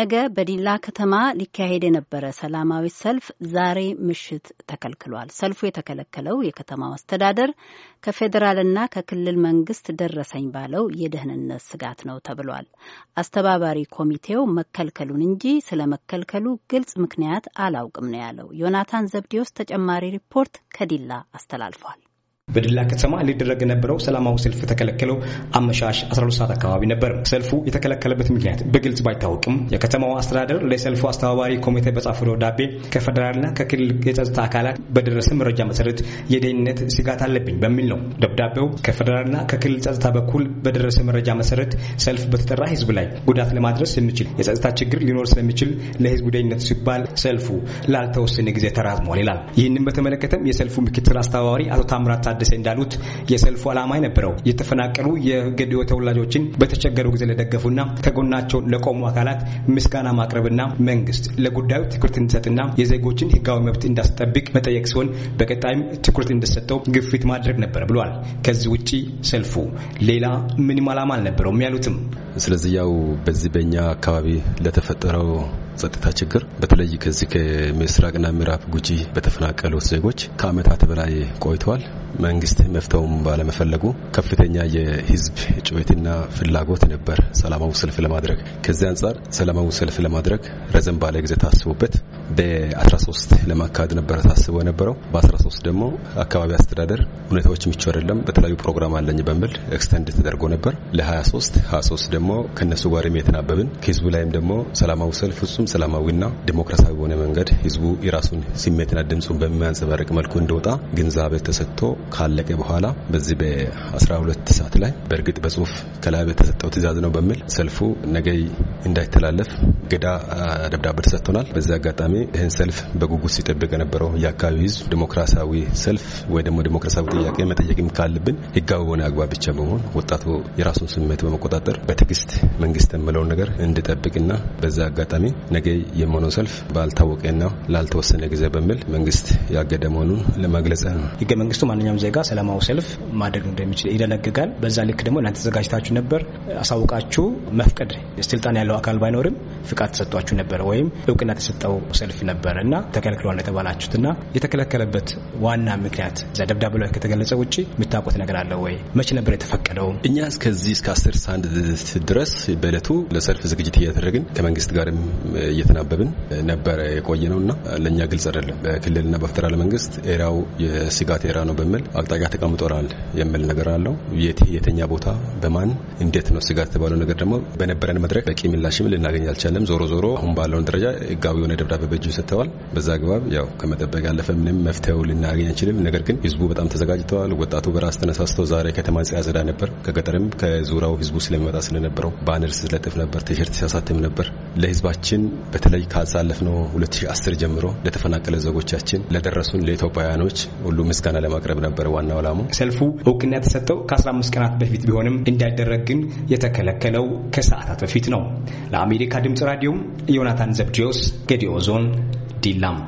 ነገ በዲላ ከተማ ሊካሄድ የነበረ ሰላማዊ ሰልፍ ዛሬ ምሽት ተከልክሏል። ሰልፉ የተከለከለው የከተማው አስተዳደር ከፌዴራልና ከክልል መንግስት ደረሰኝ ባለው የደህንነት ስጋት ነው ተብሏል። አስተባባሪ ኮሚቴው መከልከሉን እንጂ ስለ መከልከሉ ግልጽ ምክንያት አላውቅም ነው ያለው። ዮናታን ዘብዲዎስ ተጨማሪ ሪፖርት ከዲላ አስተላልፏል። በድላ ከተማ ሊደረግ የነበረው ሰላማዊ ሰልፍ የተከለከለው አመሻሽ 12 ሰዓት አካባቢ ነበር። ሰልፉ የተከለከለበት ምክንያት በግልጽ ባይታወቅም የከተማው አስተዳደር ለሰልፉ አስተባባሪ ኮሚቴ በጻፈው ደብዳቤ ከፌዴራልና ከክልል የጸጥታ አካላት በደረሰ መረጃ መሰረት የደህንነት ስጋት አለብኝ በሚል ነው። ደብዳቤው ከፌዴራልና ከክልል ጸጥታ በኩል በደረሰ መረጃ መሰረት ሰልፍ በተጠራ ህዝብ ላይ ጉዳት ለማድረስ የሚችል የጸጥታ ችግር ሊኖር ስለሚችል ለህዝቡ ደህንነት ሲባል ሰልፉ ላልተወሰነ ጊዜ ተራዝሟል ይላል። ይህንም በተመለከተም የሰልፉ ምክትል አስተባባሪ አቶ ታምራት ታደሰ እንዳሉት የሰልፉ ዓላማ የነበረው የተፈናቀሉ የገዲዮ ተወላጆችን በተቸገሩ ጊዜ ለደገፉና ከጎናቸው ለቆሙ አካላት ምስጋና ማቅረብና መንግስት ለጉዳዩ ትኩረት እንዲሰጥና የዜጎችን ህጋዊ መብት እንዳስጠብቅ መጠየቅ ሲሆን በቀጣይም ትኩረት እንደሰጠው ግፊት ማድረግ ነበር ብሏል። ከዚህ ውጪ ሰልፉ ሌላ ምንም ዓላማ አልነበረውም ያሉትም ስለዚህ ያው በዚህ በእኛ አካባቢ ለተፈጠረው ጸጥታ ችግር በተለይ ከዚህ ከምስራቅና ምዕራብ ጉጂ በተፈናቀሉት ዜጎች ከአመታት በላይ ቆይተዋል። መንግስት መፍተውም ባለመፈለጉ ከፍተኛ የህዝብ ጩኸትና ፍላጎት ነበር ሰላማዊ ሰልፍ ለማድረግ። ከዚህ አንጻር ሰላማዊ ሰልፍ ለማድረግ ረዘም ባለ ጊዜ ታስቦበት በ13 ለማካሄድ ነበረ ታስቦ የነበረው። በ13 ደግሞ አካባቢ አስተዳደር ሁኔታዎች ምቹ አይደለም፣ በተለያዩ ፕሮግራም አለኝ በሚል ኤክስተንድ ተደርጎ ነበር ለ23 23 ደግሞ ከነሱ ጋርም የተናበብን ከህዝቡ ላይም ደግሞ ሰላማዊ ሰልፍ ፍጹም ሰላማዊና ዲሞክራሲያዊ በሆነ መንገድ ህዝቡ የራሱን ስሜትና ድምፁን በሚያንጸባርቅ መልኩ እንደወጣ ግንዛቤ ተሰጥቶ ካለቀ በኋላ በዚህ በ12 ሰዓት ላይ በእርግጥ በጽሁፍ ከላይ በተሰጠው ትእዛዝ ነው በሚል ሰልፉ ነገይ እንዳይተላለፍ እገዳ ደብዳቤ ተሰጥቶናል። በዚህ አጋጣሚ ይህን ሰልፍ በጉጉት ሲጠብቅ የነበረው የአካባቢው ህዝብ ዲሞክራሲያዊ ሰልፍ ወይ ደግሞ ዲሞክራሲያዊ ጥያቄ መጠየቅም ካለብን ህጋዊ በሆነ አግባብ ብቻ በመሆን ወጣቱ የራሱን ስሜት በመቆጣጠር በትዕግስት መንግስት የምለውን ነገር እንዲጠብቅና በዛ አጋጣሚ ነገ የሚሆነው ሰልፍ ባልታወቀና ላልተወሰነ ጊዜ በሚል መንግስት ያገደ መሆኑን ለመግለጽ ነው። ህገ መንግስቱ ማንኛውም ዜጋ ሰላማዊ ሰልፍ ማድረግ እንደሚችል ይደነግጋል። በዛ ልክ ደግሞ እናንተ ተዘጋጅታችሁ ነበር አሳውቃችሁ መፍቀድ ስልጣን ያለው አካል ባይኖርም ብቃት ተሰጥቷችሁ ነበረ ወይም እውቅና ተሰጠው ሰልፍ ነበረ እና ተከልክሏል የተባላችሁት እና የተከለከለበት ዋና ምክንያት እዛ ደብዳቤ ላይ ከተገለጸ ውጭ የምታውቁት ነገር አለ ወይ? መቼ ነበር የተፈቀደው? እኛ እስከዚህ እስከ አስር ሳንድ ድረስ በእለቱ ለሰልፍ ዝግጅት እያደረግን ከመንግስት ጋርም እየተናበብን ነበረ የቆየ ነው እና ለእኛ ግልጽ አይደለም። በክልልና በፌደራል መንግስት ኤራው የስጋት ኤራ ነው በሚል አቅጣጫ ተቀምጦላል የሚል ነገር አለው። የተኛ ቦታ በማን እንዴት ነው ስጋት የተባለው ነገር ደግሞ በነበረን መድረክ በቂ ምላሽም ልናገኝ አልቻለም። ዞሮ ዞሮ አሁን ባለውን ደረጃ ህጋዊ የሆነ ደብዳቤ በእጁ ሰጥተዋል። በዛ አግባብ ያው ከመጠበቅ ያለፈ ምንም መፍትሄው ልናገኝ አንችልም። ነገር ግን ህዝቡ በጣም ተዘጋጅተዋል። ወጣቱ በራስ ተነሳስተው ዛሬ ከተማ ዘዳ ነበር። ከገጠርም ከዙሪያው ህዝቡ ስለሚመጣ ስለነበረው ባነር ስለጥፍ ነበር፣ ቲሸርት ሲያሳትም ነበር። ለህዝባችን በተለይ ካሳለፍነው 2010 ጀምሮ ለተፈናቀለ ዜጎቻችን ለደረሱን ለኢትዮጵያውያኖች ሁሉ ምስጋና ለማቅረብ ነበር ዋናው ዓላማው። ሰልፉ እውቅና የተሰጠው ከ15 ቀናት በፊት ቢሆንም እንዳይደረግ ግን የተከለከለው ከሰዓታት በፊት ነው። ለአሜሪካ ድምጽ ለራዲዮ ዮናታን ዘብድዮስ ጌዲኦ ዞን ዲላም